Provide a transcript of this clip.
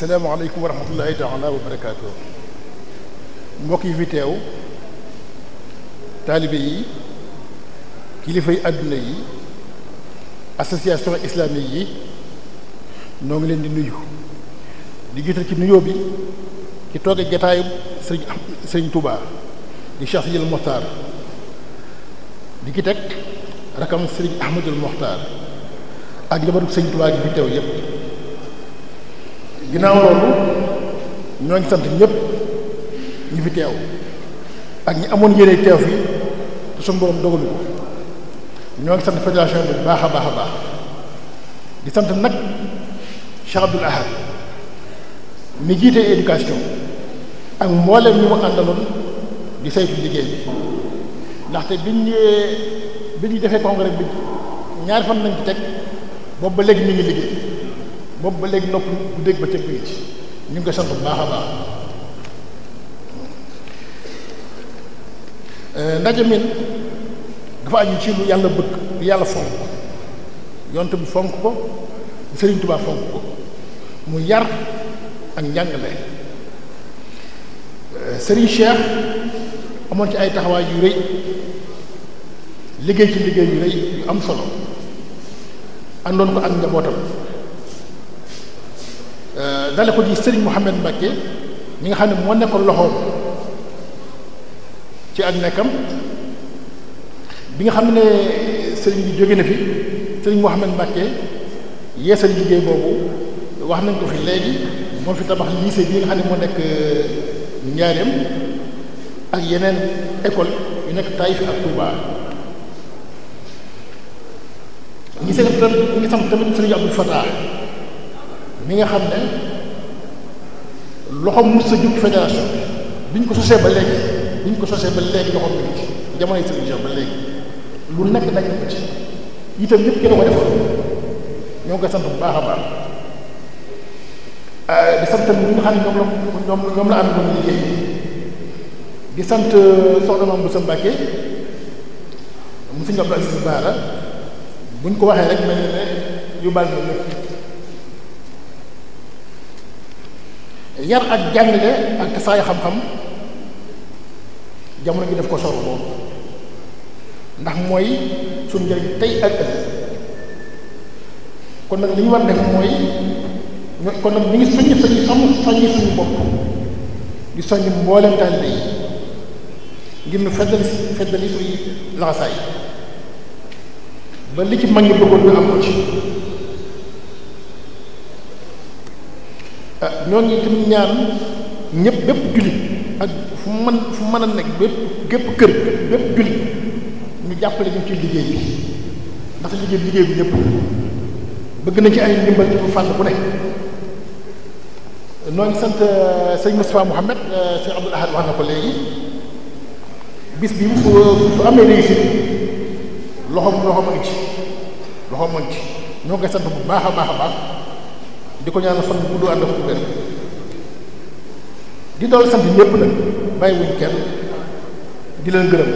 asalaamaaleykum wa rahmatullahi taala wa barakaatu mbokk yi fi teew taalibe yi kilifay àdduna yi association islamique yi noo ngi leen di nuyu di jiital ci nuyoo bi ci tooge jataayu sëriñ sëriñ Touba di Cheikh Sidil di ki teg rakam sëriñ Ahmadul Mokhtar ak njabootu sëriñ Touba gi fi teew yépp ginnaaw loolu ñoo ngi sant ñëpp ñi fi teew ak ñi amoon yéene teew fi te suñu borom dogalu ko ñoo ngi sant fédération bi baax a baax a baax di sant nag Cheikh Abdoul Ahad mi jiite éducation ak mboolem ñi mu àndaloon di saytu liggéey bi ndaxte bi ñu defee congrès bi ñaari fan lañ ci teg boobu ba léegi ñu ngi liggéey boobu ba léegi nopp bu dégg ba cëg bi ci ñu ngi koy sant bu baax a baax euh, ndaje mi dafa aju ci lu yàlla bëgg lu yàlla fonk ko yonte bi fonk ko Sëriñ Tuubaa fonk ko mu yar ak njàngale euh, Sëriñ Cheikh amoon ci ay taxawaay yu rëy liggéey ci liggéey yu rëy yu am solo àndoon ko ak njabootam dale yi di Serigne Mouhamed Mbacke mi nga xam ne moo nekkoon loxoom ci ak nekkam bi nga xam ne Serigne bi jóge na fi Serigne Mouhamed Mbacke yeesal liggéey boobu wax nañ ko fi léegi moo fi tabax lycée bi nga xam ne moo nekk euh, Njaareem ak yeneen école yu nekk Taïf ak Touba ñi seen tam ñi sam tamit Serigne Abdou Fatah mi nga xam ne loxo mos sa jóg fédération bi ñu ko sosee ba léegi bi ñu ko sosee ba léegi loxoom mi ngi ci jamonoy Sëriñ Cheikh ba léegi lu nekk daj ko ci itam yëpp kenn ko defal ñoo ngi sant bu baax a baax euh, di sant ñi nga xam ne ñoom la ñoom ñoom la am doon liggéey di sant euh, soxna Mame Boussa ko waxee rek mel ne yu bal na yar ak jàngale ak tasaay xam-xam jamono ji def ko soxla boobu ndax mooy suñu njëriñ tey ak ëllëg kon nag li ñu war def mooy ñu kon nag ñu ngi soññ soññ soññ soññ suñu bopp di soññ mboolem taalibe yi ngir ñu feddali feddali suñu laxasaay ba li ci mag ñi bëggoon ñu am ko ci ñoo ngi itam ñaan ñëpp bépp jullit ak fu mën fu mën a nekk bépp gépp kër bépp jullit ñu jàppale ñu ci liggéey bi ndax liggéey liggéey bi ñëpp bëgg nañ ci ay ndimbal ci bu fànn bu ne noo sant euh, sëñ Moustapha Mouhamed euh, sëñ Abdoul Ahad wax na ko léegi bis bi fu fu amee réussite loxoom loxoom a ci loxoom a ci ñoo ngi sant bu baax a baax a baax di ko ñaan fan bu gudd ànd ak bu wér di dool sant ñëpp nag bàyyi wuñ kenn di leen gërëm